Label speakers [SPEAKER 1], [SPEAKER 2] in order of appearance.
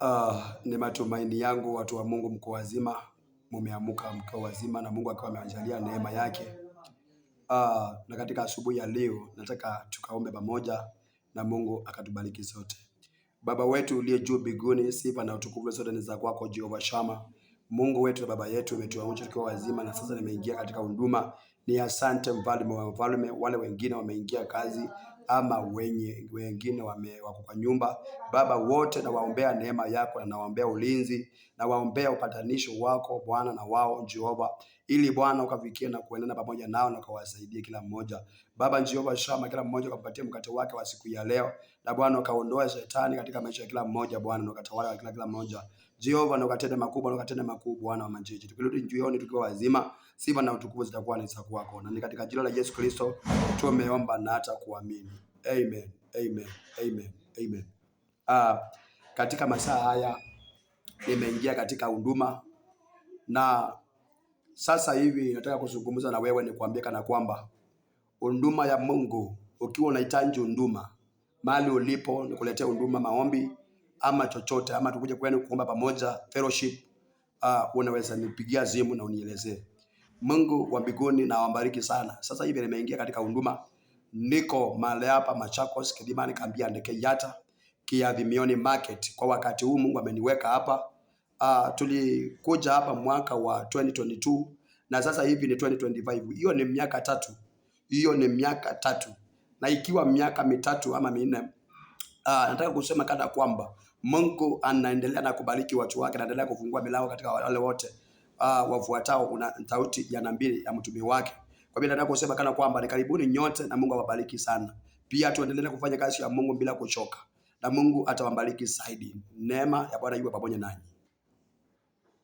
[SPEAKER 1] Uh, ni matumaini yangu watu wa Mungu mko wazima, mumeamuka mko wazima na Mungu akiwa ameanjalia neema yake. Uh, na katika asubuhi ya leo nataka tukaombe pamoja na Mungu akatubariki sote. Baba wetu uliye juu mbinguni, sifa na utukufu zote ni za kwako Jehova Shama. Mungu wetu na baba yetu, umetuamsha tukiwa wazima na sasa nimeingia katika huduma. Ni asante mfalme wa wafalme, wale wengine wameingia kazi ama wenye wengine wame, wako kwa nyumba. Baba wote nawaombea neema yako na nawaombea ulinzi na waombea upatanisho wako Bwana na wao Jehova, ili Bwana ukavikie na kuendana pamoja nao na kawasaidie kila mmoja. Baba Jehova Shama, kila mmoja ukampatie mkate wake wa siku ya leo, na Bwana ukaondoa shetani katika maisha ya kila mmoja Bwana, na ukatawala kila kila mmoja Jehova, na ukatenda makubwa, na ukatenda makubwa Bwana wa majeshi. Tukirudi jioni tukiwa wazima, sifa na utukufu zitakuwa ni za kwako, na ni katika jina la Yesu Kristo tumeomba na hata kuamini. Amen, amen, amen, amen. Ah, katika masaa haya nimeingia katika huduma na sasa hivi nataka kuzungumza na wewe, nikuambie kana kwamba huduma ya Mungu, ukiwa unahitaji huduma mahali ulipo, nikuletea huduma maombi ama chochote ama tukuje kwenu kuomba pamoja fellowship, uh, unaweza nipigia simu na unielezee. Mungu wa mbinguni na wabariki sana. Sasa hivi nimeingia katika huduma, niko mahali hapa Machakos, Kilimani, kambi ya Yata. Kiadhimioni Market kwa wakati huu Mungu ameniweka hapa. Uh, tulikuja hapa mwaka wa 2022 na sasa hivi ni 2025. Hiyo ni miaka tatu, hiyo ni miaka tatu, na ikiwa miaka mitatu ama minne, uh, nataka kusema kana kwamba Mungu anaendelea na kubariki watu wake, anaendelea kufungua milango katika wale wote uh, wafuatao una tauti ya nambili ya mtumi wake. Kwa hivyo nataka kusema kana kwamba ni karibuni nyote na Mungu awabariki sana. Pia tuendelee kufanya kazi ya Mungu bila kuchoka na Mungu atawabariki zaidi. Neema ya Bwana iwe pamoja nanyi.